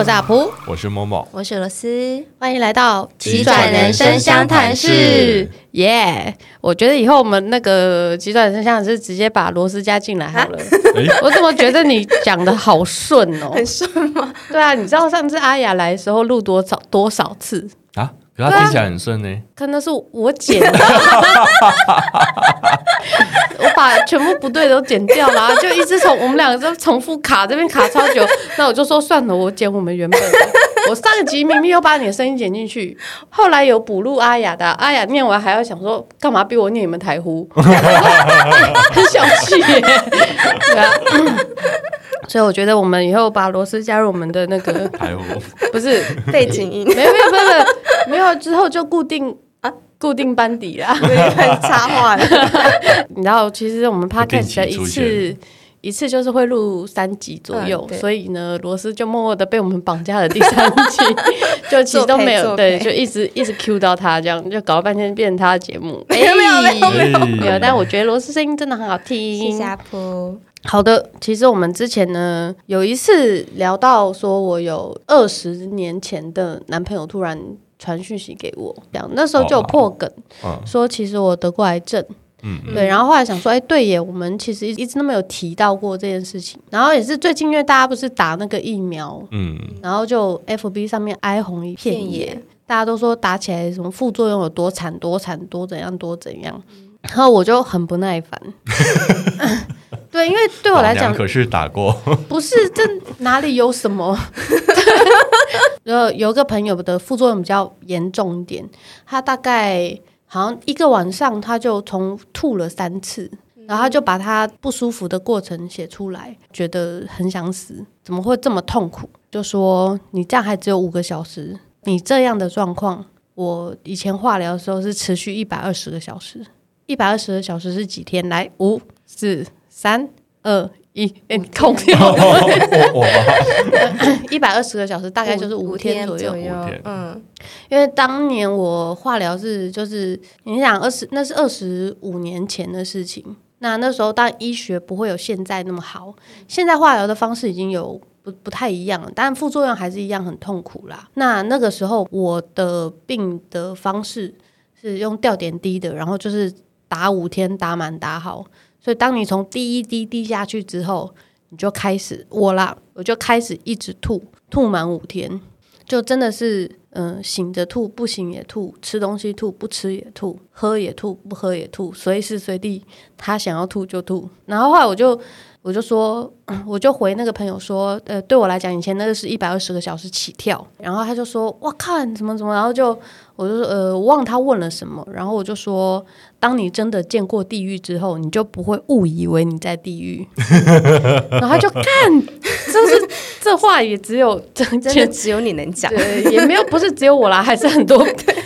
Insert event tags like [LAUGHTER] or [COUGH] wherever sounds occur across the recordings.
我是阿璞，我是 Momo，我是羅斯，歡迎來到急轉人生相談室，耶！Yeah, 我覺得以後我們那個急轉人生相談室直接把羅斯加進來好了。啊欸、我怎麼覺得你講得好順哦？ [LAUGHS] 很順嗎？ [LAUGHS] 對啊，你知道上次阿雅來的時候錄多少多少次？對啊，聽起來很順呢、欸。可能是我剪的 [LAUGHS] [LAUGHS] 我把全部不對的都剪掉了，就一直從我們兩個都重複卡這邊卡超久，那我就說算了，我剪我們原本的。我上集明明又把你的聲音剪進去，後來有補錄阿雅的，阿雅念完還要想說，幹嘛逼我念你們台呼， [LAUGHS] [LAUGHS] 很小氣所以我覺得我們以後把羅斯加入我們的那個，哎、不是背景音，沒有沒有沒有沒有，之後就固定啊，固定班底啦，不要再插話了。你知道，其實我們 Podcast 一次一次就是會錄三集左右，所以呢，羅斯就默默的被我們綁架了第三集， [LAUGHS] 就其實都沒有對，就一直一直 Q 到他這樣，就搞了半天變成他的節目。哎、沒有沒有、哎、沒有，但我覺得羅斯聲音真的很好聽，新加坡。好的，其實我們之前呢有一次聊到說，我有二十年前的男朋友突然傳訊息給我，這樣，那時候就有破梗，說其實我得過癌症，嗯，對，然後後來想說，哎，對耶，我們其實一直都沒有提到過這件事情。然後也是最近，因為大家不是打那個疫苗，嗯，然後就 FB 上面，哀鴻一片野，片野，大家都說打起來什麼副作用有多慘多慘、多怎樣多怎樣，嗯，然後我就很不耐煩。 [LAUGHS] [LAUGHS] 對，因為對我來講，可是打過，不是，這哪裡有什麼？呃， [LAUGHS] [LAUGHS] 有個朋友的副作用比較嚴重一點，他大概好像一個晚上他就從吐了三次，嗯，然後他就把他不舒服的過程寫出來，覺得很想死，怎麼會這麼痛苦？就說你這樣還只有五個小時，你這樣的狀況，我以前化療的時候是持續一百二十個小時，一百二十個小時是幾天？來，五、四。三二一，哎，空調，一百二十個小時，大概就是5天五天左右。嗯，因為當年我化療是就是你想二十，那是二十五年前的事情。那那時候，當然醫學不會有現在那麼好。現在化療的方式已經有不不太一樣了，但副作用還是一樣很痛苦啦。那那個時候，我的病的方式是用吊點滴的，然後就是打五天，打滿，打好。所以，當你從第一滴滴下去之後，你就開始我啦，我就開始一直吐，吐滿五天，就真的是，嗯、呃，醒着吐，不醒也吐；吃東西吐，不吃也吐；喝也吐，不喝也吐；隨時隨地，他想要吐就吐。然後後來我就。我就說、嗯，我就回那個朋友說，呃，對我來講，以前那個是一百二十個小時起跳，然後他就說，我靠，怎麼怎麼，然後就我就說呃忘他問了什麼，然後我就說，當你真的見過地獄之後，你就不會誤以為你在地獄。 [LAUGHS] 然後他就看，就是這話也只有 [LAUGHS] 真的只有你能講，也沒有不是只有我啦， [LAUGHS] 還是很多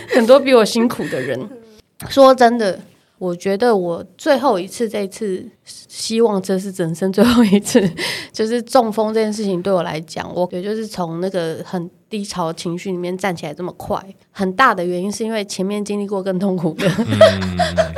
很多比我辛苦的人。 [LAUGHS] 說真的。我覺得我最後一次，這一次，這次希望這是人生最後一次。就是中風這件事情對我來講，我也就是從那個很低潮情緒裡面站起來這麼快，很大的原因是因為前面經歷過更痛苦的。嗯，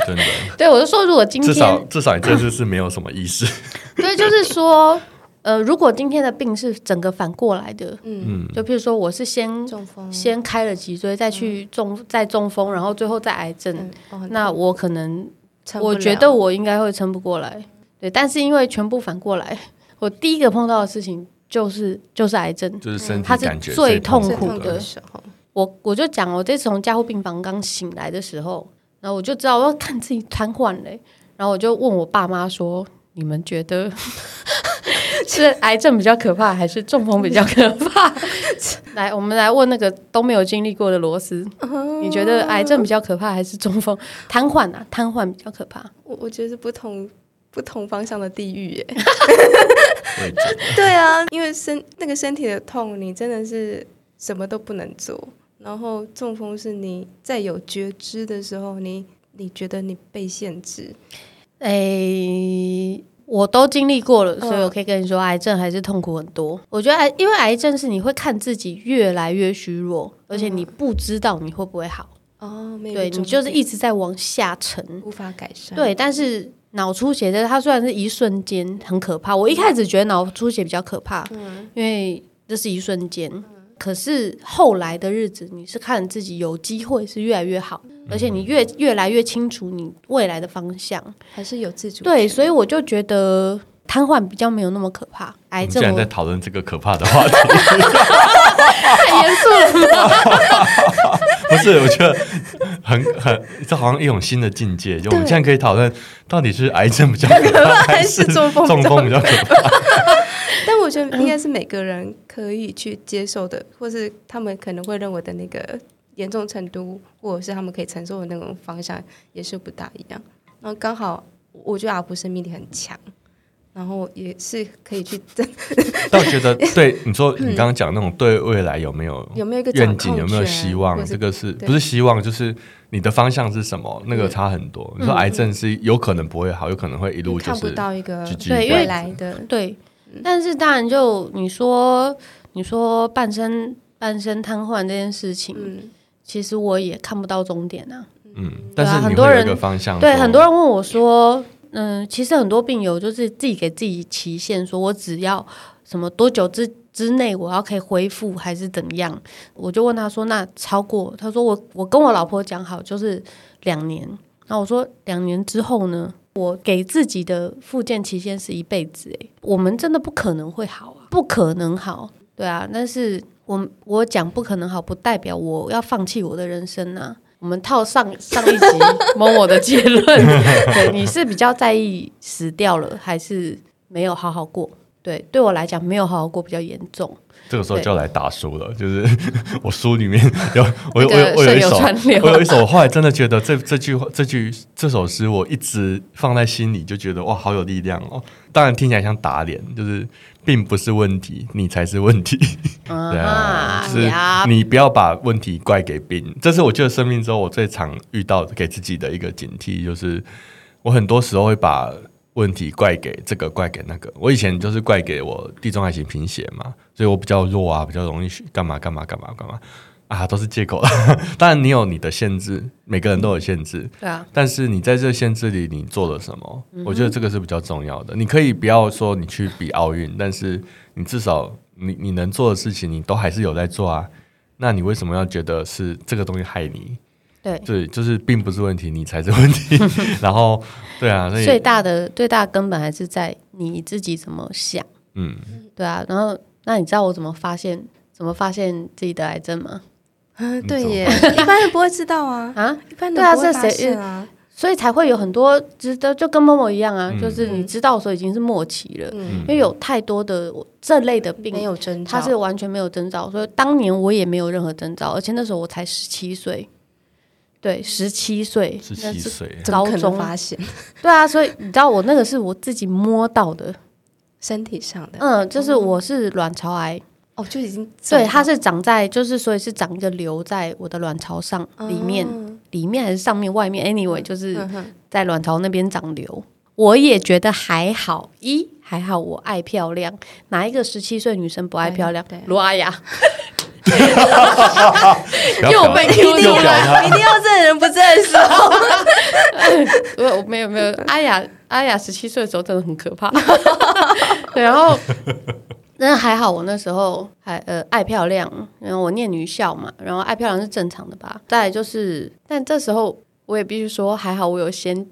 真的， [LAUGHS] 對我是說，如果今天至少至少你這次是沒有什麼意思。所 [LAUGHS] 以就是說。呃，如果今天的病是整個反過來的，嗯，就譬如說我是先中風，先開了脊椎再去中、嗯、再中風，然後最後再癌症，嗯哦、那我可能撐不我覺得我應該會撐不過來，對。但是因為全部反過來，我第一個碰到的事情就是就是癌症，就是身體它是最痛苦的，最痛的時候。我我就講，我這次從加護病房剛醒來的時候，然後我就知道我要看自己癱瘓嘞，然後我就問我爸媽說，你們覺得？ [LAUGHS] [LAUGHS] 是癌症比較可怕，還是中風比較可怕？ [LAUGHS] 來，我們來問那個都沒有經歷過的羅斯，uh -huh. 你覺得癌症比較可怕，還是中風癱瘓啊？癱瘓比較可怕。我我覺得是不同不同方向的地獄耶。 [LAUGHS] [LAUGHS] 嗯、真 [LAUGHS] 對啊，因為身那個身體的痛，你真的是什麼都不能做。然後中風是你在有覺知的時候，你你覺得你被限制。誒、欸。我都經歷過了，所以我可以跟你說，哦啊、癌症還是痛苦很多。我覺得癌，因為癌症是你會看自己越來越虛弱，嗯、而且你不知道你會不會好。哦，對你就是一直在往下沉，無法改善。對，但是腦出血的它雖然是一瞬間很可怕，我一開始覺得腦出血比較可怕，嗯啊、因為這是一瞬間。嗯可是後來的日子，你是看自己有機會是越來越好，嗯、而且你越越來越清楚你未來的方向，還是有自主。對，所以我就覺得癱瘓比較沒有那麼可怕。癌症，現在在討論這個可怕的話題 [LAUGHS] [LAUGHS] 嚴肅，太嚴肅了。不是，我覺得很很，這好像一種新的境界，就我們現在可以討論到底是癌症比較可怕， [LAUGHS] 還是中風比較可怕？ [LAUGHS] 我覺得應該是每個人可以去接受的，或是他們可能會認為的那個嚴重程度，或者是他們可以承受的那種方向也是不大一樣。然後剛好，我覺得阿璞生命力很強，然後也是可以去爭。但我 [LAUGHS] 覺得對你說，你剛剛講的那種對未來有沒有有沒有一個願景，有沒有希望？嗯、有有個這個是、就是、不是希望？就是你的方向是什麼？那個差很多。你說癌症是有可能不會好，有可能會一路就是 GG，看不到一個對未來的對。但是當然，就你說，你說半身半身癱瘓這件事情，其實我也看不到終點啊。嗯，但是很多人一個方向，對很多人問我說，嗯，其實很多病友就是自己給自己期限，說我只要什麼多久之之內我要可以恢復，還是怎樣？我就問他說，那超過他說我我跟我老婆講好就是兩年，然後我說兩年之後呢？我給自己的復健期限是一輩子誒，我們真的不可能會好啊，不可能好，對啊。但是我我講不可能好，不代表我要放棄我的人生啊。我們套上上一集 MOMO 的結論， [LAUGHS] 對，你是比較在意死掉了，還是沒有好好過？對，對我來講，沒有好好過比較嚴重。這個時候就要來打書了，就是我書裡面有我、那個、我,我,有一首串我有一首，我有一首。後來真的覺得這這句話，這句,這,句這首詩，我一直放在心裡，就覺得哇，好有力量哦。當然聽起來像打臉，就是病不是問題，你才是問題。嗯、 [LAUGHS] 對啊，就是，你不要把問題怪給病。這是我覺得生病之後我最常遇到的給自己的一個警惕，就是我很多時候會把。問題怪給這個，怪給那個。我以前就是怪給我地中海型貧血嘛，所以我比較弱啊，比較容易幹嘛幹嘛幹嘛幹嘛啊，都是借口。 [LAUGHS] 當然，你有你的限制，每個人都有限制，對啊、但是你在這限制裡，你做了什麼、嗯，我覺得這個是比較重要的。你可以不要說你去比奧運，但是你至少你你能做的事情，你都還是有在做啊。那你為什麼要覺得是這個東西害你？對，對就是並不是問題，你才是問題。 [LAUGHS] 然後，對啊，最大的最大的根本還是在你自己怎麼想。嗯，對啊。然後，那你知道我怎麼發現怎麼發現自己得癌症嗎？嗯，對耶， [LAUGHS] 一般人不會知道啊啊，一般不會啊對啊，是誰啊？所以才會有很多，就是就跟 MOMO 一樣啊、嗯，就是你知道的時候已經是末期了，嗯、因為有太多的這類的病沒有徵兆，他是完全沒有徵兆，所以當年我也沒有任何徵兆，而且那時候我才十七歲。對，十七歲，十七歲，高中發現， [LAUGHS] 對啊，所以你知道我那個是我自己摸到的， [LAUGHS] 身體上的，嗯，就是我是卵巢癌，哦，就已經，對，它是長在，就是所以是長一個瘤，在我的卵巢上裡面，嗯，裡面還是上面外面，anyway，就是在卵巢那邊長瘤，嗯嗯，我也覺得還好，一還好，我愛漂亮，哪一個十七歲女生不愛漂亮？羅阿雅。 [LAUGHS] 因為我被一定要一定要認人不認識，我我沒有沒有，沒有阿雅，阿雅十七歲的時候真的很可怕。 [LAUGHS] [LAUGHS] 對，然後那還好我那時候還呃愛漂亮，然後我念女校嘛，然後愛漂亮是正常的吧。再來就是，但這時候我也必須說，還好我有先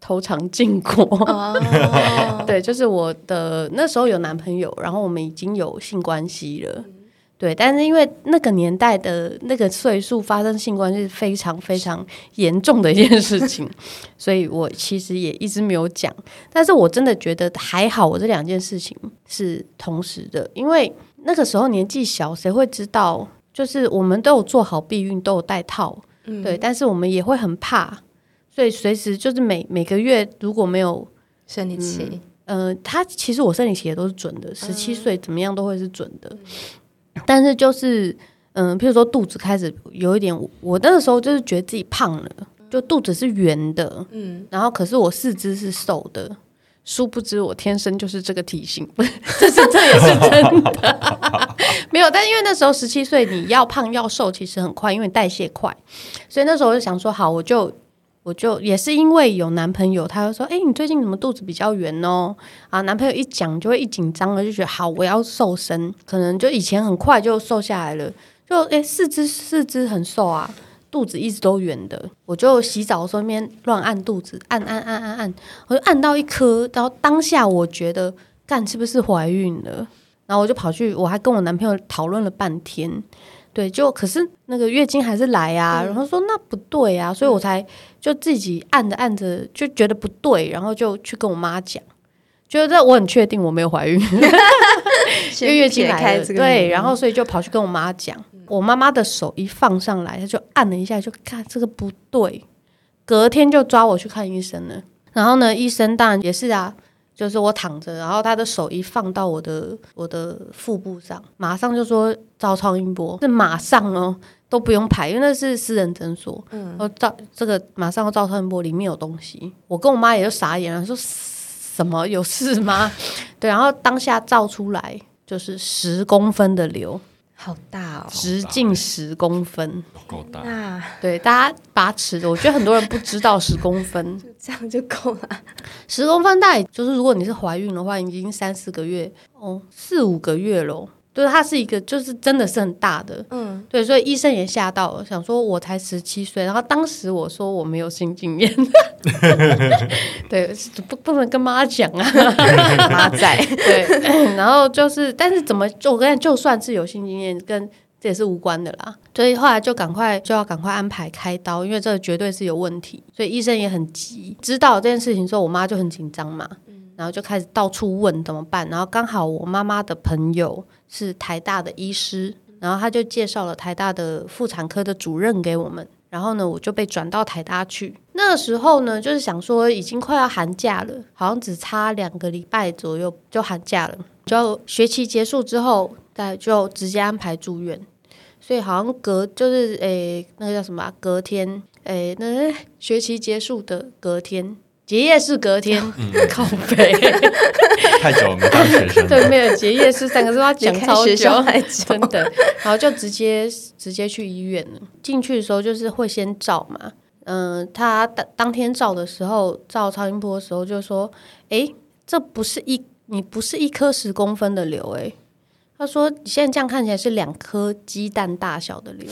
偷嘗禁果。 [LAUGHS] 對，就是我的那時候有男朋友，然後我們已經有性關係了。嗯對，但是因為那個年代的那個歲數發生性關係是非常非常嚴重的一件事情， [LAUGHS] 所以我其實也一直沒有講。但是我真的覺得還好，我這兩件事情是同時的，因為那個時候年紀小，誰會知道？就是我們都有做好避孕，都有戴套，嗯，對。但是我們也會很怕，所以隨時就是每每個月如果沒有生理期，嗯，他、呃、其實我生理期也都是準的，十七歲怎麼樣都會是準的。嗯但是就是，嗯、呃，譬如說肚子開始有一點我，我那個時候就是覺得自己胖了，就肚子是圓的，嗯，然後可是我四肢是瘦的，殊不知我天生就是這個體型， [LAUGHS] 這是這也是真的， [LAUGHS] [LAUGHS] 沒有。但因為那時候十七歲，你要胖要瘦其實很快，因為代謝快，所以那時候我就想說，好，我就。我就也是因為有男朋友，他就說：“哎，你最近怎麼肚子比較圓哦？”啊，男朋友一講就會一緊張了，就覺得好，我要瘦身，可能就以前很快就瘦下來了，就哎四肢四肢很瘦啊，肚子一直都圓的，我就洗澡的時候那邊亂按肚子，按按按按按，我就按到一顆，然後當下我覺得，看是不是懷孕了，然後我就跑去，我還跟我男朋友討論了半天。對，就可是那個月經還是來啊。嗯、然後說那不對啊、嗯，所以我才就自己按着按着就覺得不對，然後就去跟我媽講，覺得我很確定我沒有懷孕， [LAUGHS] [LAUGHS] 因為月經來了，開始跟媽媽講，對然、嗯，然後所以就跑去跟我媽講，我媽媽的手一放上來，她就按了一下就，就看這個不對，隔天就抓我去看醫生了，然後呢，醫生當然也是啊。就是我躺着，然後他的手一放到我的我的腹部上，馬上就說照超音波，是馬上哦，都不用排，因為那是私人診所。嗯，照這個馬上照超音波，裡面有東西，我跟我媽也就傻眼了，說什麼有事嗎？ [LAUGHS] 對，然後當下照出來就是十公分的瘤。好大哦，直徑十公分，夠大，大。那 [LAUGHS] 對大家八尺的，我覺得很多人不知道十公分， [LAUGHS] 這樣就夠了。十公分大，就是如果你是懷孕的話，已經三四個月，哦，四五個月咯。對，他是一個，就是真的是很大的，嗯，對，所以醫生也嚇到了，想說我才十七歲，然後當時我說我沒有性經驗， [LAUGHS] [LAUGHS] 對，不不能跟媽講啊， [LAUGHS] 媽在，對，然後就是，但是怎麼就，我跟你講，就算是有性經驗，跟這也是無關的啦，所以後來就趕快就要趕快安排開刀，因為這個絕對是有問題，所以醫生也很急。知道這件事情之後，我媽就很緊張嘛。嗯然後就開始到處問怎麼辦，然後剛好我媽媽的朋友是台大的醫師，然後他就介紹了台大的婦產科的主任給我們，然後呢我就被轉到台大去。那時候呢，就是想說已經快要寒假了，好像只差兩個禮拜左右就寒假了，就學期結束之後再就直接安排住院，所以好像隔就是誒、欸、那個叫什麼、啊、隔天誒、欸、那個、學期結束的隔天。結業式隔天，嗯嗯，靠北 [LAUGHS] [LAUGHS] 太久了沒當學生。 [LAUGHS] 對，沒有結業式三個字，說他講超久，學校還久 [LAUGHS] 真的。然後就直接直接去醫院了。進去的時候就是會先照嘛，嗯、呃，他當當天照的時候照超音波的時候就說：“哎，這不是一，你不是一顆十公分的瘤誒、欸，他說：“你現在這樣看起來是兩顆雞蛋大小的瘤，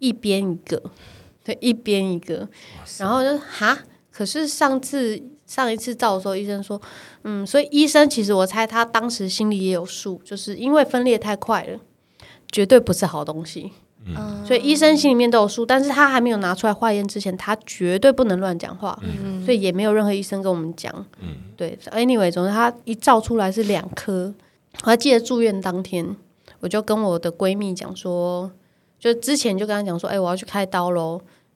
一邊一個，對，一邊一個。”然後就哈。可是上次上一次照的時候，醫生說，嗯，所以醫生其實我猜他當時心裡也有數，就是因為分裂太快了，絕對不是好東西。嗯，所以醫生心裡面都有數，但是他還沒有拿出來化驗之前，他絕對不能亂講話。嗯，所以也沒有任何醫生跟我們講。嗯，對，anyway，總之他一照出來是兩顆。我還記得住院當天，我就跟我的閨蜜講說，就之前就跟她講說，哎，我要去開刀嘍，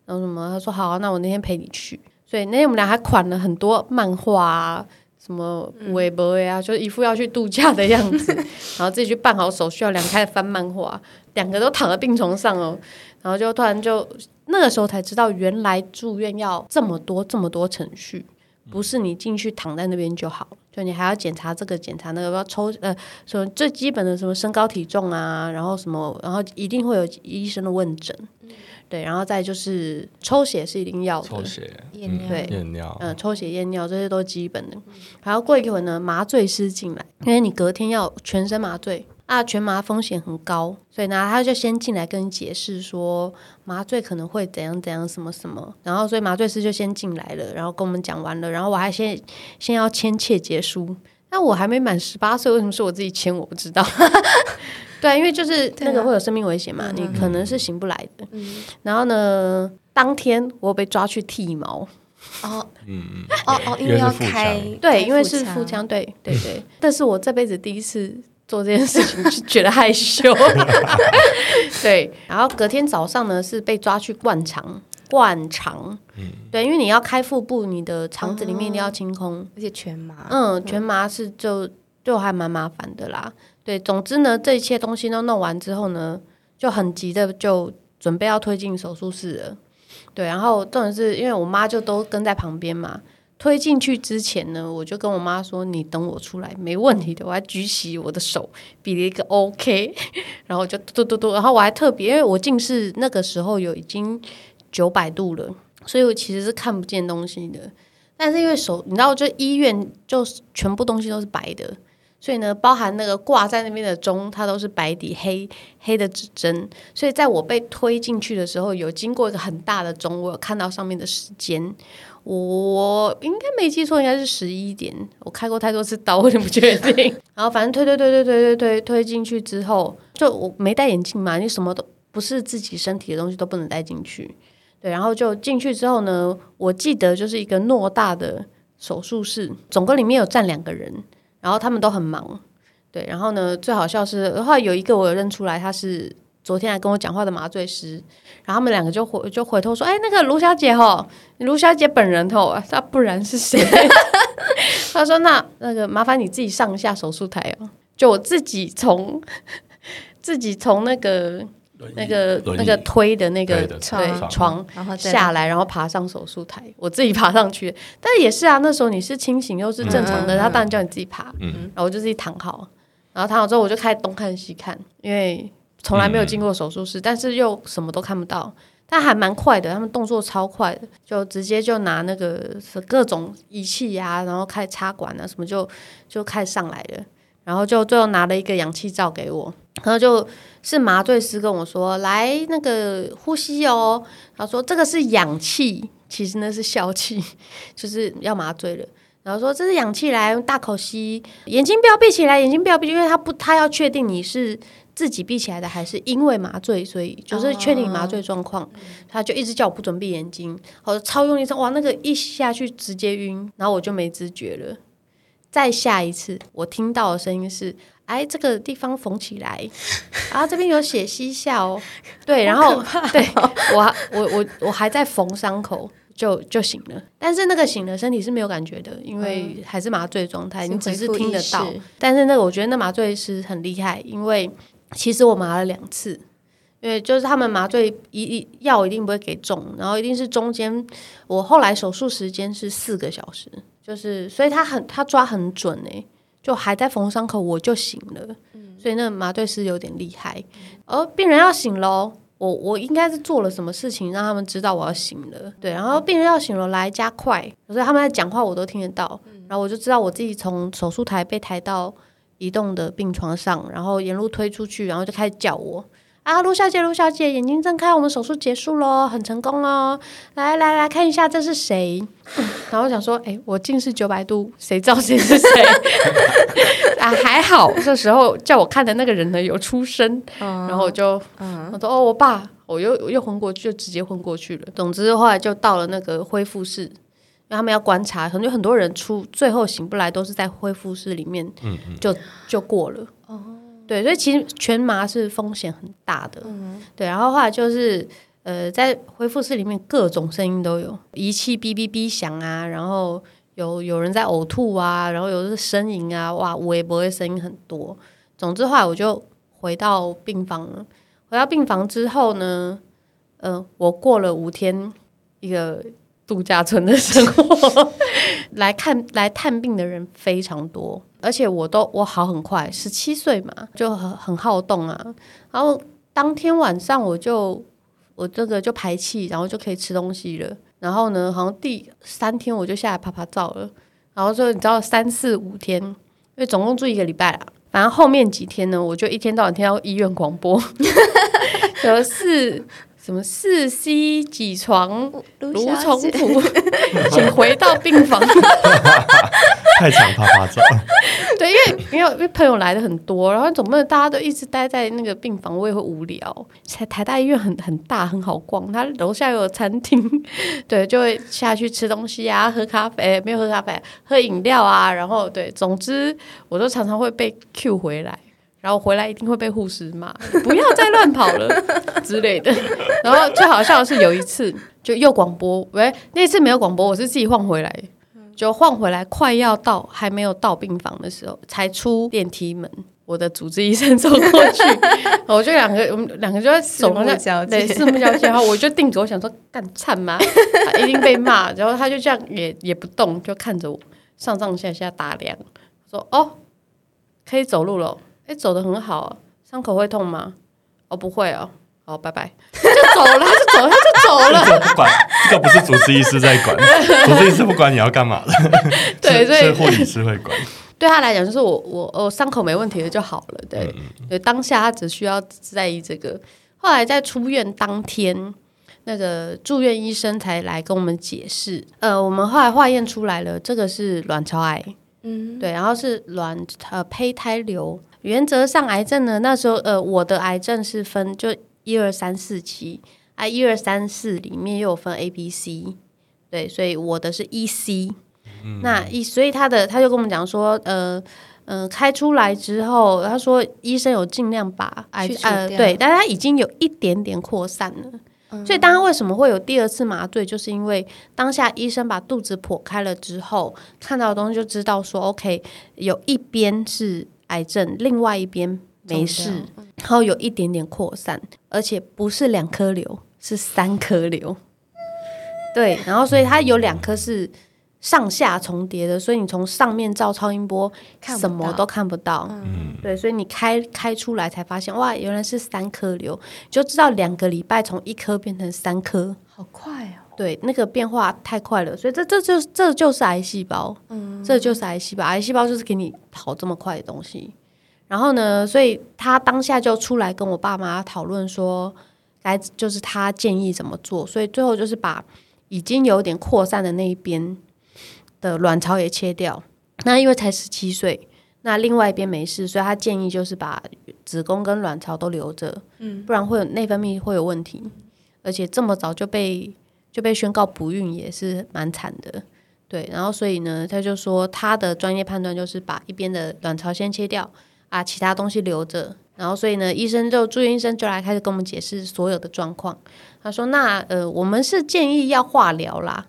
然後什麼？她說好啊，那我那天陪你去。對，那天我們倆還款了很多漫畫，啊，什麼微博啊、嗯，就一副要去度假的樣子。 [LAUGHS] 然後自己去辦好手續，需要兩個開始翻漫畫，兩個都躺在病床上哦。然後就突然就那個時候才知道，原來住院要這麼多、嗯、這麼多程序，不是你進去躺在那邊就好，就你還要檢查這個檢查那個，要抽呃、什麼最基本的什麼身高體重啊，然後什麼，然後一定會有醫生的問診。對，然後再就是抽血是一定要的，抽血、驗尿、驗、嗯嗯、尿，嗯，抽血驗尿這些都是基本的、嗯。然後過一會呢，麻醉師進來，因為你隔天要全身麻醉啊，全麻風險很高，所以呢，他就先進來跟你解釋說麻醉可能會怎樣怎樣什麼什麼。然後所以麻醉師就先進來了，然後跟我們講完了，然後我還先先要簽切結書，那我還沒滿十八歲，為什麼是我自己簽？我不知道。 [LAUGHS] 對，因為就是那個會有生命危險嘛，啊、你可能是醒不來的、嗯。然後呢，當天我被抓去剃毛，哦，嗯、哦哦，因為要開，對，因為是腹腔，對對對。 [LAUGHS] 但是我這輩子第一次做這件事情就覺得害羞。 [LAUGHS] [LAUGHS] 對，然後隔天早上呢是被抓去灌腸，灌腸、嗯，對，因為你要開腹部，你的腸子裡面一定要清空，哦、而且全麻，嗯，全麻是就。就還蠻麻煩的啦，對，總之呢，這一切東西都弄完之後呢，就很急的就準備要推進手術室了。對，然後重點是因為我媽就都跟在旁邊嘛，推進去之前呢，我就跟我媽說：“你等我出來，沒問題的。”我還舉起我的手比了一個 OK，然後就嘟嘟嘟，然後我還特別，因為我近視那個時候有已經九百度了，所以我其實是看不見東西的。但是因為手，你知道，就醫院就全部東西都是白的。所以呢，包含那個掛在那邊的鐘，它都是白底黑黑的指針。所以在我被推進去的時候，有經過一個很大的鐘，我有看到上面的時間。我應該沒記錯，應該是十一點。我開過太多次刀，我就不確定。 [LAUGHS] 然後反正推對對對對推推推推推推進去之後，就我沒戴眼鏡嘛，你什麼都不是自己身體的東西都不能帶進去。對，然後就進去之後呢，我記得就是一個偌大的手術室，總共裡面有站兩個人。然後他們都很忙，對，然後呢，最好笑的是，然後有一個我有認出來，他是昨天還跟我講話的麻醉師，然後他們兩個就回就回頭說，哎，那個盧小姐吼，盧小姐本人吼，他不然是誰？他 [LAUGHS] 說那那個麻煩你自己上一下手術台哦。」就我自己從自己從那個。那個那個推的那個對床，然後下來，然後爬上手術台，我自己爬上去。但也是啊，那時候你是清醒又是正常的，嗯嗯嗯，他當然叫你自己爬。嗯，然後我就自己躺好，然後躺好之後我就開始東看西看，因為從來沒有進過手術室，嗯嗯，但是又什麼都看不到。但還蠻快的，他們動作超快的，就直接就拿那個各種儀器呀、啊，然後開插管啊什麼就，就就開始上來了。然後就最後拿了一個氧氣罩給我。然後就是麻醉師跟我說：“來，那個呼吸哦、喔。”他說：“這個是氧氣，其實那是笑氣，就是要麻醉了。”然後說：“這是氧氣，來用大口吸，眼睛不要閉起來，眼睛不要閉，因為他不，他要確定你是自己閉起來的，還是因為麻醉，所以就是確定麻醉狀況。啊”他就一直叫我不准閉眼睛，好，超用力，哇，那個一下去直接暈，然後我就沒知覺了。再下一次，我聽到的聲音是。哎，這個地方縫起來，然 [LAUGHS] 後、啊、這邊有寫下笑、哦， [LAUGHS] 對，然後、喔、對我我我我還在縫傷口，就就醒了。但是那個醒了，身體是沒有感覺的，因為還是麻醉狀態、嗯，你只是聽得到。是但是那個我覺得那麻醉師很厲害，因為其實我麻了兩次，因為就是他們麻醉一藥一定不會給重，然後一定是中間，我後來手術時間是四個小時，就是所以他很他抓很準哎、欸。就還在縫傷口，我就醒了。嗯、所以那個麻醉師有點厲害、嗯，而病人要醒了，我我應該是做了什麼事情讓他們知道我要醒了、嗯。對，然後病人要醒了，來加快，所以他們在講話我都聽得到、嗯。然後我就知道我自己從手術台被抬到移動的病床上，然後沿路推出去，然後就開始叫我。啊，盧小姐，盧小姐，眼睛睜開，我們手術結束嘍，很成功哦。來來來，看一下這是誰？嗯、然後我想說，哎，我近視九百度，誰知道誰是誰？ [LAUGHS] 啊，還好， [LAUGHS] 這時候叫我看的那個人呢有出聲、嗯，然後我就，嗯、我說哦，我爸，我又我又昏過去，就直接昏過去了。總之後來，就到了那個恢復室，因為他們要觀察，可能有很多人出最後醒不來，都是在恢復室裡面，嗯嗯就就過了、嗯對，所以其實全麻是風險很大的。嗯、對，然後後來就是呃，在恢復室裡面各種聲音都有，儀器嗶嗶嗶響啊，然後有有人在嘔吐啊，然後有的呻吟啊，哇，我也不會聲音很多。總之後來我就回到病房，回到病房之後呢，呃，我過了五天一個度假村的生活， [LAUGHS] 來看來探病的人非常多。而且我都我好很快，十七歲嘛，就很很好動啊。然後當天晚上我就我這個就排氣，然後就可以吃東西了。然後呢，好像第三天我就下來趴趴造了。然後說你知道三四五天，嗯、因為總共住一個禮拜了。反正後，後面幾天呢，我就一天到晚聽到醫院廣播 [LAUGHS] 就，什麼四什麼四 C 幾床盧崇璞 [LAUGHS] [LAUGHS] 請回到病房。 [LAUGHS] [LAUGHS] [LAUGHS] 太想趴趴走，對，因為因為朋友來的很多，然後總不能大家都一直待在那個病房，我也會無聊。台台大醫院很很大，很好逛，它樓下有餐廳，對，就會下去吃東西啊，喝咖啡，欸、沒有喝咖啡，喝飲料啊，然後對，總之我都常常會被 Q 回來，然後回來一定會被護士罵，不要再亂跑了 [LAUGHS] 之類的。然後最好笑的是有一次就又廣播，喂、欸，那一次沒有廣播，我是自己晃回來。就換回來，快要到還沒有到病房的時候，才出電梯門。我的主治醫生走過去， [LAUGHS] 我就兩個，我們兩個就在四目交接，四目交接後，我就定住，我想說幹，慘嘛？他一定被罵。 [LAUGHS] 然後他就這樣也也不動，就看着我上上下下打量，說：“哦，可以走路了、哦。哎，走得很好、哦，傷口會痛嗎？哦，不會哦。”好、oh, [LAUGHS] 走了，拜拜，他就走了， [LAUGHS] 他就走，了，他就走了。不管， [LAUGHS] 這個不是主治醫師在管， [LAUGHS] 主治醫師不管你要幹嘛了。 [LAUGHS] 對 [LAUGHS] 所，所以護理師會管。 [LAUGHS] 對他來講，就是我，我，我傷口沒問題了就好了。對、嗯，對，當下他只需要在意這個。後來在出院當天，那個住院醫生才來跟我們解釋。呃，我們後來化驗出來了，這個是卵巢癌。嗯，對，然後是卵呃胚胎瘤。原則上，癌症呢，那時候呃我的癌症是分就。一二三四期啊，一二三四裡面又有分 A、B、C，對，所以我的是 E C，、嗯、那一所以他的他就跟我們講說，呃，嗯、呃，開出來之後，他說醫生有盡量把癌症去去掉呃對，但他已經有一點點擴散了，嗯、所以當剛為什麼會有第二次麻醉，就是因為當下醫生把肚子剖開了之後，看到的東西就知道說，OK，有一邊是癌症，另外一邊沒事。然後有一點點擴散，而且不是兩顆瘤，是三顆瘤。對，然後所以它有兩顆是上下重疊的，所以你從上面照超音波看什麼都看不，看不到。嗯，對，所以你開開出來才發現，哇，原來是三顆瘤，就知道兩個禮拜從一顆變成三顆，好快哦。對，那個變化太快了，所以這這就這就是癌細胞。嗯，這就是癌細胞，癌細胞就是給你跑這麼快的東西。然後呢，所以他當下就出來跟我爸媽討論說，該就是他建議怎麼做。所以最後就是把已經有點擴散的那一邊的卵巢也切掉。那因為才十七歲，那另外一邊沒事，所以他建議就是把子宮跟卵巢都留着，嗯，不然會有內分泌會有問題。而且這麼早就被就被宣告不孕，也是蠻慘的，對。然後所以呢，他就說他的專業判斷就是把一邊的卵巢先切掉。把、啊、其他東西留着，然後所以呢，醫生就住院醫生就來開始跟我們解釋所有的狀況。他說：“那呃，我們是建議要化療啦，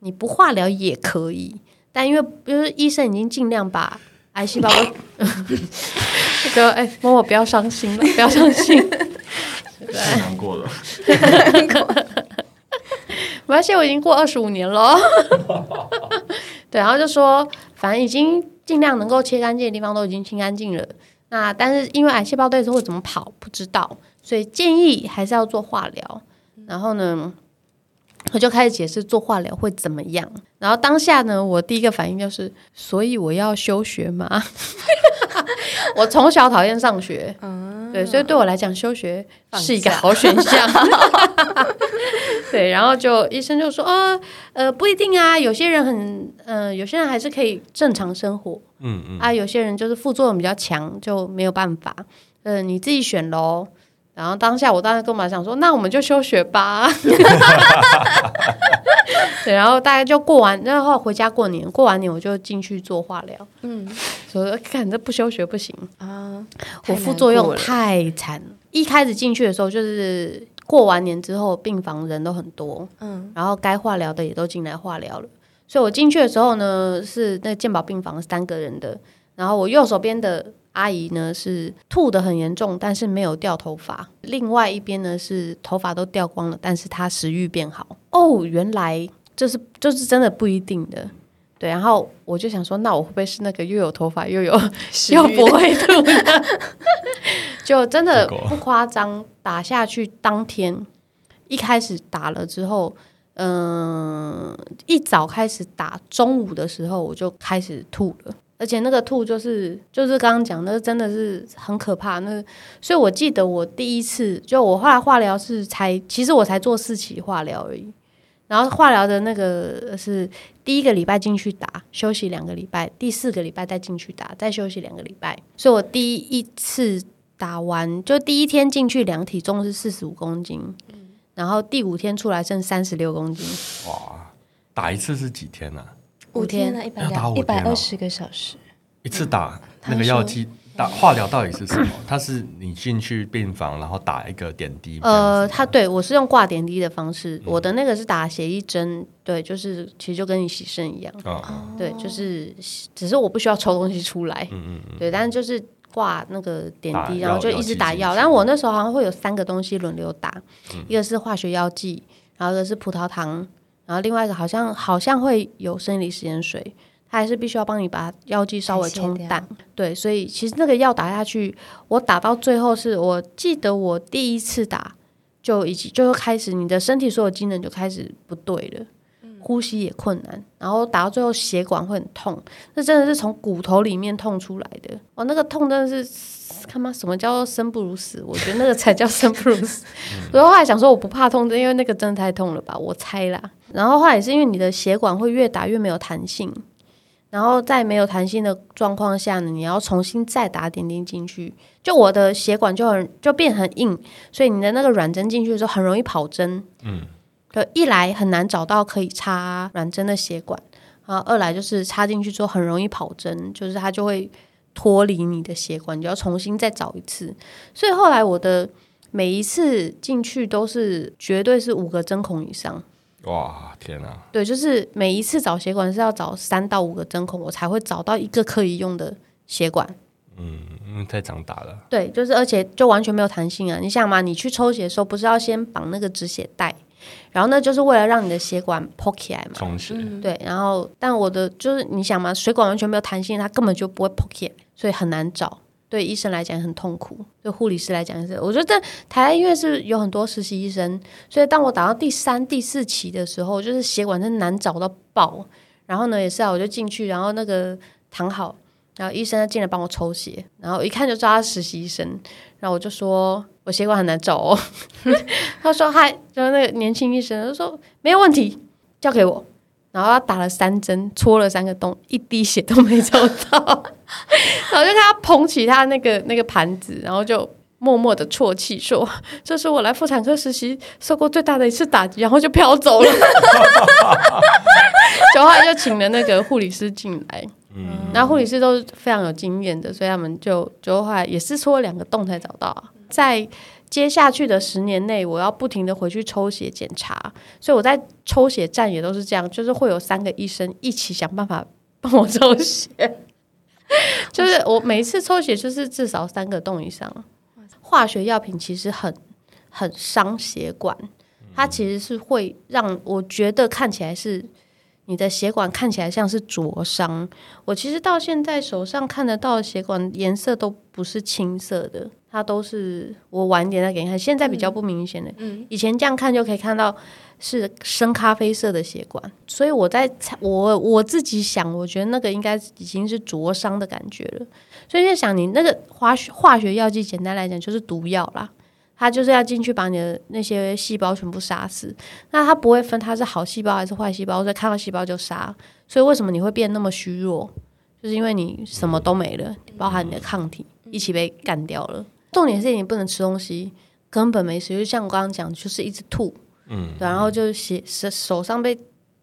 你不化療也可以，但因為因為醫生已經盡量把癌細胞……”對， [LAUGHS] [LAUGHS] 哎、欸，默默不要傷心了，不要傷心。太 [LAUGHS] 難過了。沒關係，我已經過二十五年了。 [LAUGHS] [LAUGHS] 對，然後就說，反正已經。盡量能夠切乾淨的地方都已經清乾淨了。那但是因為癌細胞到時候會怎麼跑不知道，所以建議還是要做化療。然後呢，我就開始解釋做化療會怎麼樣。然後當下呢，我第一個反應就是，所以我要休學嗎？ [LAUGHS] [LAUGHS] 我從小討厭上學，嗯，對，所以對我來講休學是一個好選項。 [LAUGHS] [LAUGHS] 對，然後就醫生就說：“哦，呃，不一定啊，有些人很，嗯、呃，有些人還是可以正常生活，嗯嗯，啊，有些人就是副作用比較強，就沒有辦法，嗯、呃，你自己選咯。”然後當下，我當時跟我媽講說：“那我們就休學吧。 [LAUGHS] ”對，然後大家就過完，然後回家過年。過完年我就進去做化療。嗯，所以幹，這不休學不行啊！我副作用太慘了。一開始進去的時候，就是過完年之後，病房人都很多。嗯，然後該化療的也都進來化療了。所以我進去的時候呢，是那個健保病房三個人的，然後我右手邊的。阿姨呢是吐得很嚴重，但是沒有掉頭髮。另外一邊呢是頭髮都掉光了，但是她食欲變好。哦，原來就是就是真的不一定的。對，然後我就想說，那我會不會是那個又有頭髮又有又不會吐的？ [LAUGHS] [LAUGHS] 就真的不誇張，打下去當天一開始打了之後，嗯、呃，一早開始打，中午的時候我就開始吐了。而且那個吐，就是就是剛剛講的，那真的是很可怕。那所以我記得我第一次就我後來化療是才，其實我才做四期化療而已。然後化療的那個是第一個禮拜進去打，休息兩個禮拜，第四個禮拜再進去打，再休息兩個禮拜。所以我第一次打完就第一天進去量體重是四十五公斤，嗯，然後第五天出來剩三十六公斤。哇，打一次是幾天呢？啊？五天一百一百二十個小時，嗯、一次打那個藥劑打化療到底是什麼？ [COUGHS] 它是你進去病房，然後打一個點滴。呃，它對我是用掛點滴的方式、嗯，我的那個是打血一針，對，就是其實就跟你洗腎一樣、嗯。對，就是只是我不需要抽東西出來。嗯嗯嗯。對，但是就是掛那個點滴，然後就一直打藥。但我那時候好像會有三個東西輪流打、嗯，一個是化學藥劑，然後一個是葡萄糖。然後另外一個好像好像會有生理食鹽水，它還是必須要幫你把藥劑稍微沖淡。對，所以其實那個藥打下去，我打到最後是我記得我第一次打就已經就開始你的身體所有機能就開始不對了、嗯，呼吸也困難。然後打到最後血管會很痛，那真的是從骨頭裡面痛出來的。哦，那個痛真的是看嗎，什麼叫做生不如死？我覺得那個才叫生不如死。我 [LAUGHS] 後來想說我不怕痛的，因為那個真的太痛了吧？我猜啦。然後的話也是因為你的血管會越打越沒有彈性，然後在沒有彈性的狀況下呢，你要重新再打點點進去，就我的血管就很就變很硬，所以你的那個軟針進去的時候，很容易跑針，嗯，就一來很難找到可以插軟針的血管，然後二來就是插進去之後很容易跑針，就是它就會脫離你的血管，你就要重新再找一次，所以後來我的每一次進去都是絕對是五個針孔以上。哇，天哪，啊！對，就是每一次找血管是要找三到五個針孔，我才會找到一個可以用的血管。嗯，因為太常打了。對，就是而且就完全沒有彈性啊！你想嘛，你去抽血的時候不是要先綁那個止血帶，然後那就是為了讓你的血管浮起來嘛，充血。對，然後但我的就是你想嘛，水管完全沒有彈性，它根本就不會浮起來，所以很難找。對醫生來講也很痛苦，對護理師來講也是。我覺得台灣醫院是有很多實習醫生，所以當我打到第三、第四期的時候，就是血管真難找到爆。然後呢，也是啊，我就進去，然後那個躺好，然後醫生他進來幫我抽血，然後一看就抓他實習醫生，然後我就說我血管很難找哦。 [LAUGHS] [LAUGHS] 他說嗨，然後那個年輕醫生我就說沒有問題，交給我。然後他打了三針，戳了三個洞，一滴血都沒找到。 [LAUGHS] 然後就看他捧起他那個那個盤子，然後就默默的啜泣說：“這是我來婦產科實習受過最大的一次打擊。”然後就飄走了。就 [LAUGHS] 後來 [LAUGHS] 就，就請了那個護理師進來，嗯，然後護理師都是非常有經驗的，所以他們就就後來也是戳了兩個洞才找到在。接下去的十年內，我要不停的回去抽血檢查，所以我在抽血站也都是這樣，就是會有三個醫生一起想辦法幫我抽血， [LAUGHS] 就是我每一次抽血就是至少三個洞以上。化學藥品其實很很傷血管，它其實是會讓我覺得看起來是。你的血管看起來像是灼傷。我其實到現在手上看得到的血管顏色都不是青色的，它都是，我晚點再給你看。現在比較不明顯的，嗯嗯，以前這樣看就可以看到是深咖啡色的血管。所以我在我我自己想，我覺得那個應該已經是灼傷的感覺了。所以就想你那個化學化學藥劑，簡單來講就是毒藥啦。它就是要進去把你的那些細胞全部殺死，那它不會分它是好細胞還是壞細胞，所以看到細胞就殺。所以為什麼你會變那麼虛弱？就是因為你什麼都沒了，包含你的抗體一起被幹掉了。重點是你不能吃東西，根本沒吃。就像我剛剛講，就是一直吐，嗯，然後就是手手上被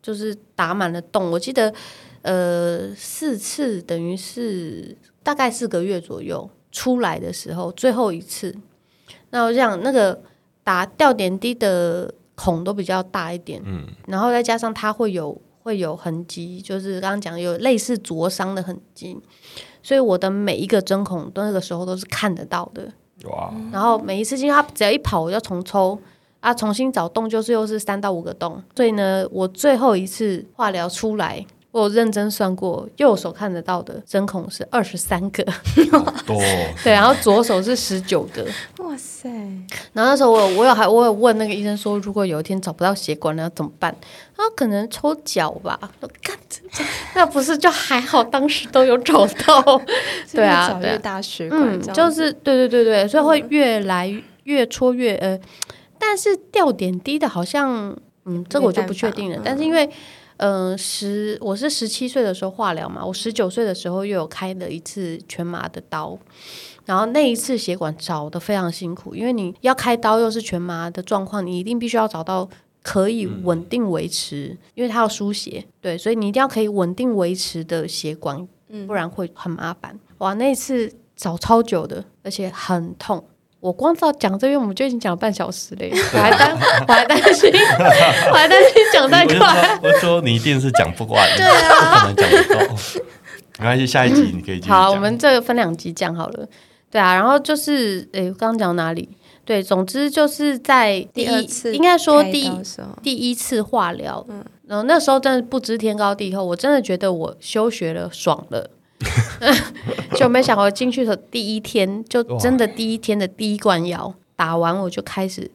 就是打滿了洞。我記得呃，四次等於是大概四個月左右出來的時候，最後一次。那我就想，那個打吊點滴的孔都比較大一點，嗯、然後再加上它會有會有痕跡，就是剛剛講有類似灼傷的痕跡，所以我的每一個針孔，都那個時候都是看得到的。嗯、然後每一次因為它只要一跑，我就重抽啊，重新找洞，就是又是三到五個洞。所以呢，我最後一次化療出來。我有認真算過，右手看得到的針孔是二十三個，多 [LAUGHS] 對，然後左手是十九個，哇塞！然後那時候我有我有還我有問那個醫生說，如果有一天找不到血管了怎麼辦？他說可能抽腳吧。我 [LAUGHS] [LAUGHS] 那不是就還好，當時都有找到 [LAUGHS] [LAUGHS] 對啊，對啊，對啊對啊嗯，就是對對對對，嗯，所以會越來越戳越呃、嗯，但是掉點滴的好像嗯，這個我就不確定了、嗯。但是因為。嗯、呃，十我是十七歲的時候化療嘛，我十九歲的時候又有開了一次全麻的刀，然後那一次血管找得非常辛苦，因為你要開刀又是全麻的狀況，你一定必須要找到可以穩定維持、嗯，因為它要輸血，對，所以你一定要可以穩定維持的血管，不然會很麻煩、嗯。哇，那一次找超久的，而且很痛。我光知道講這邊，我們就已經講半小時嘞。我還擔 [LAUGHS] 我還擔擔心， [LAUGHS] [LAUGHS] 我還擔心講太快。我，說，我說你一定是講不完， [LAUGHS] 對啊，講 [LAUGHS] 不夠，沒關係，下一集你可以講。好，我們這個分兩集講好了，對啊，然後就是誒，剛、欸、講哪裡？對，總之就是在第一次，應該說第第一次化療，嗯，然後那時候真的不知天高地厚，我真的覺得我休學了，爽了。 [LAUGHS] [LAUGHS] 就沒想過進去的第一天，就真的第一天的第一罐藥打完，我就開始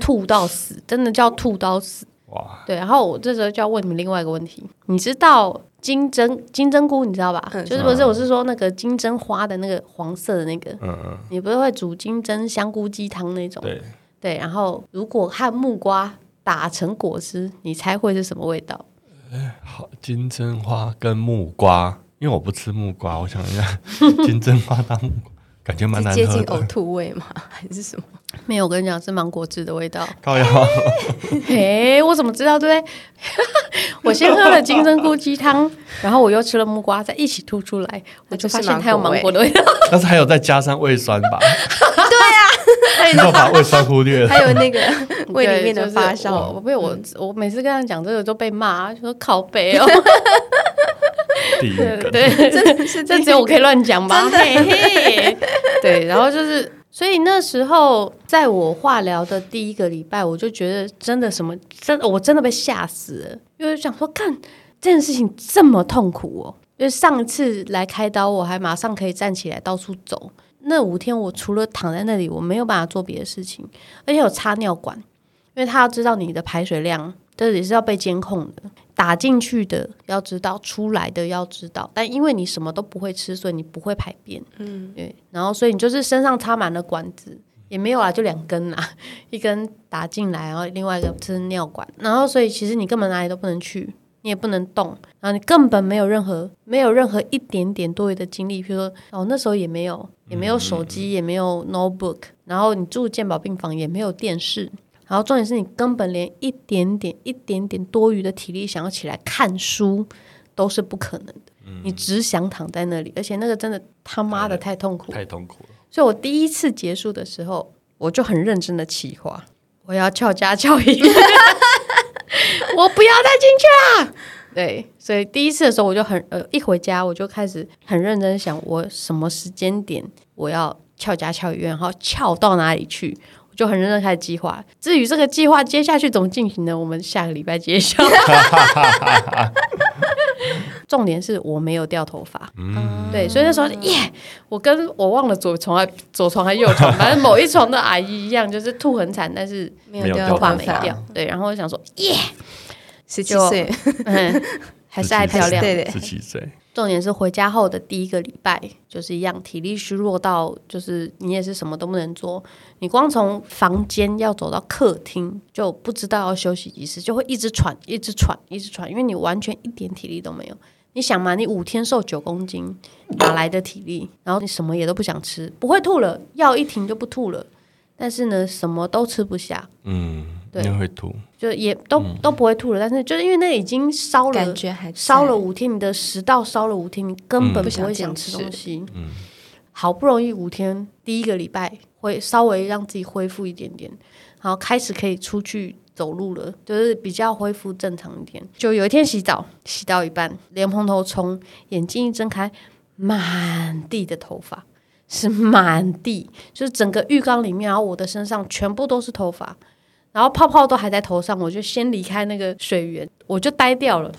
吐到死，真的叫吐到死哇！對，然後我這時候就要問你們另外一個問題，你知道金針金針菇，你知道吧？嗯，就是不是，我是說那個金針花的那個黃色的那個，嗯，你不是會煮金針香菇雞湯那種？對，對，然後如果和木瓜打成果汁，你猜會是什麼味道？好，金針花跟木瓜。因為我不吃木瓜，我想一下，金針花湯， [LAUGHS] 感覺蠻難喝。接近嘔吐味嗎？還是什麼？沒有跟人，我跟你講是芒果汁的味道。高藥、欸欸、 [LAUGHS] 我怎麼知道對不對？ [LAUGHS] 我先喝了金針菇雞湯，然後我又吃了木瓜，再一起吐出來， [LAUGHS] 我就發現它有芒果的味道。 [LAUGHS] [LAUGHS] 但是還有再加上胃酸吧？ [LAUGHS] [LAUGHS] 對呀，沒有把胃酸忽略了。 [LAUGHS] 還有那個胃裡面的發酵， [LAUGHS] 不、就是，我我，我每次跟他講這個都被罵，說、就、靠、是、北哦。 [LAUGHS] 對，對 [LAUGHS] 這只有我可以亂講吧。嘿嘿 [LAUGHS] 對，然後就是，所以那時候在我化療的第一個禮拜，我就覺得真的什麼，真的我真的被嚇死了，因為想說，幹這件事情這麼痛苦哦。因為上一次來開刀，我還馬上可以站起來到處走。那五天，我除了躺在那裡，我沒有辦法做別的事情，而且有插尿管，因為他要知道你的排水量，這也是要被監控的。打進去的要知道，出來的要知道。但因為你什麼都不會吃，所以你不會排便。嗯，對。然後，所以你就是身上插滿了管子，也沒有啊，就兩根啊，一根打進來，然後另外一個就是尿管。然後，所以其實你根本哪裡都不能去，你也不能動。然後你根本沒有任何，沒有任何一點點多餘的精力。譬如說，哦，那時候也沒有，也沒有手機，也沒有 notebook。然後你住健保病房，也沒有電視。然後重點是你根本連一點點、一點點多餘的體力想要起來看書都是不可能的，嗯。你只想躺在那裡，而且那個真的他媽的太痛苦了，太痛苦，所以我第一次結束的時候，我就很認真的企劃，我要翹家翹醫院， [LAUGHS] [LAUGHS] [LAUGHS] 我不要再進去了。對，所以第一次的時候我就很呃，一回家我就開始很認真想，我什麼時間點我要翹家翹醫院，然後翹到哪裡去？就很認真開始計劃，至於這個計劃接下去怎麼進行呢？我們下個禮拜揭曉。重點是我沒有掉頭髮，嗯對，所以那時候耶、嗯，我跟我忘了左床還左床還右床，反正某一床的阿姨一樣，就是吐很慘，但是沒有掉頭髮沒掉，沒掉髮、啊。對，然後我想說耶，十七歲還是愛漂亮，對，對對，十七歲。重點是回家後的第一個禮拜，就是一樣，體力虛弱到就是你也是什麼都不能做，你光從房間要走到客廳就不知道要休息幾次，就會一直喘，一直喘，一直喘，因為你完全一點體力都沒有。你想嘛，你五天瘦九公斤，哪來的體力？然後你什麼也都不想吃，不會吐了，藥一停就不吐了，但是呢，什麼都吃不下。嗯。也會吐，就也都、嗯、都不會吐了。但是就是因為那已經燒了，燒了五天，你的食道燒了五天，你根本不會想吃東西吃、嗯。好不容易五天，第一個禮拜會稍微讓自己恢復一點點，然後開始可以出去走路了，就是比較恢復正常一點。就有一天洗澡，洗到一半，蓮蓬頭沖，眼睛一睜開，滿地的頭髮，是滿地，就是整個浴缸裡面，然後我的身上全部都是頭髮。然後泡泡都還在頭上，我就先離開那個水源，我就呆掉了。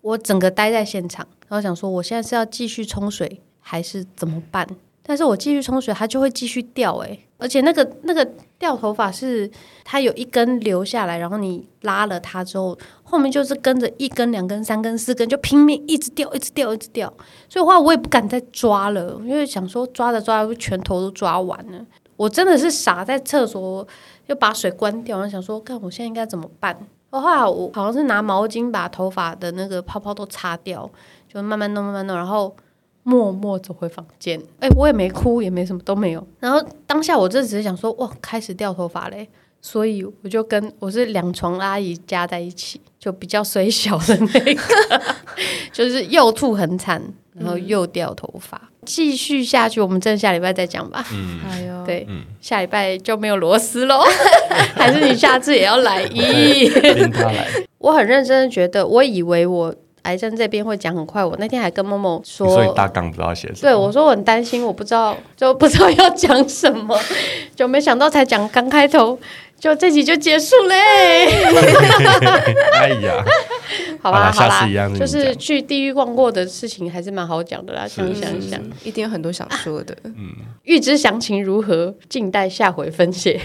我整個呆在現場，然後想說我現在是要繼續沖水還是怎麼辦？但是我繼續沖水，它就會繼續掉、欸。誒，而且那個那個掉頭髮是它有一根留下來，然後你拉了它之後，後面就是跟着一根、兩根、三根、四根，就拼命一直掉、一直掉、一直掉。一直掉，所以話我也不敢再抓了，因為想說抓着抓着，着全頭都抓完了。我真的是傻在，在廁所就把水關掉，然後想說，看我現在應該怎麼辦？我後來我好像是拿毛巾把頭髮的那個泡泡都擦掉，就慢慢弄，慢慢弄，然後默默走回房間。哎、欸，我也沒哭，也沒什麼，都沒有。然後當下我這只是想說，哇，開始掉頭髮嘞，所以我就跟我是兩床阿姨加在一起，就比較衰小的那個， [LAUGHS] 就是又吐很慘。然後又掉頭髮、嗯，繼續下去，我們正下禮拜再講吧。哎、嗯、對、嗯，下禮拜就沒有螺絲咯。 [LAUGHS] 還是你下次也要來？咦， [LAUGHS] 我很認真的覺得，我以為我癌症這邊會講很快，我那天還跟 Momo 說，所以大綱不知道寫什麼。對，我說我很擔心，我不知道，就不知道要講什麼，就沒想到才講剛開頭。就這集就結束嘞、欸！ [LAUGHS] [LAUGHS] 哎呀，好吧，啊、好啦，下次一樣啦，就是去地獄逛過的事情還是蠻好講的啦，想一想，一定有很多想說的。啊、嗯，預知詳情如何，靜待下回分解。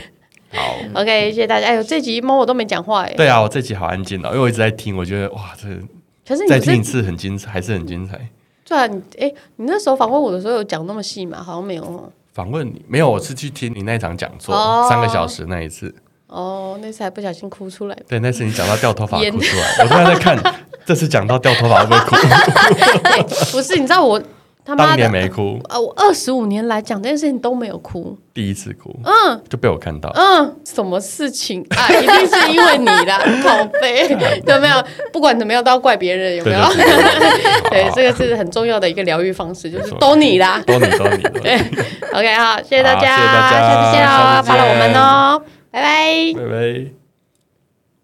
好，OK、嗯、謝謝大家。哎呦，這集貓我都沒講話哎、欸。對啊，我這集好安靜哦，因為我一直在聽，我覺得哇，這可是你這再聽一次很精彩，還是很精彩。嗯、對啊，你哎，你那時候訪問我的時候有講那麼細嗎？好像沒有哦。訪問你沒有，我是去聽你那場講座，哦，三個小時那一次。哦，那次還不小心哭出來。對，那次你講到掉頭髮哭出來， [LAUGHS] 我現在在看，這次講到掉頭髮會不會哭？ [LAUGHS] [LAUGHS] 不是，你知道我。他當年沒哭啊！我二十五年來講這件事情都沒有哭，第一次哭，嗯，就被我看到，嗯，什麼事情、啊？一定是因為你啦，好 [LAUGHS] 貝、嗯，有沒有、嗯？不管怎麼樣都要怪別人，有沒有？對，就是、 [LAUGHS] 對，這個是很重要的一個療癒方式，就是都你啦，都你，都你。對 [LAUGHS] ，OK 好，謝謝大家，謝謝大家，下次見哦，拜拜，拜拜。